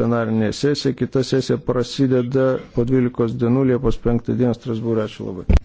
plenarinė sesija. Kita sesija prasideda po 12 dienų Liepos 5 dieną Strasbūrė. Ačiū labai.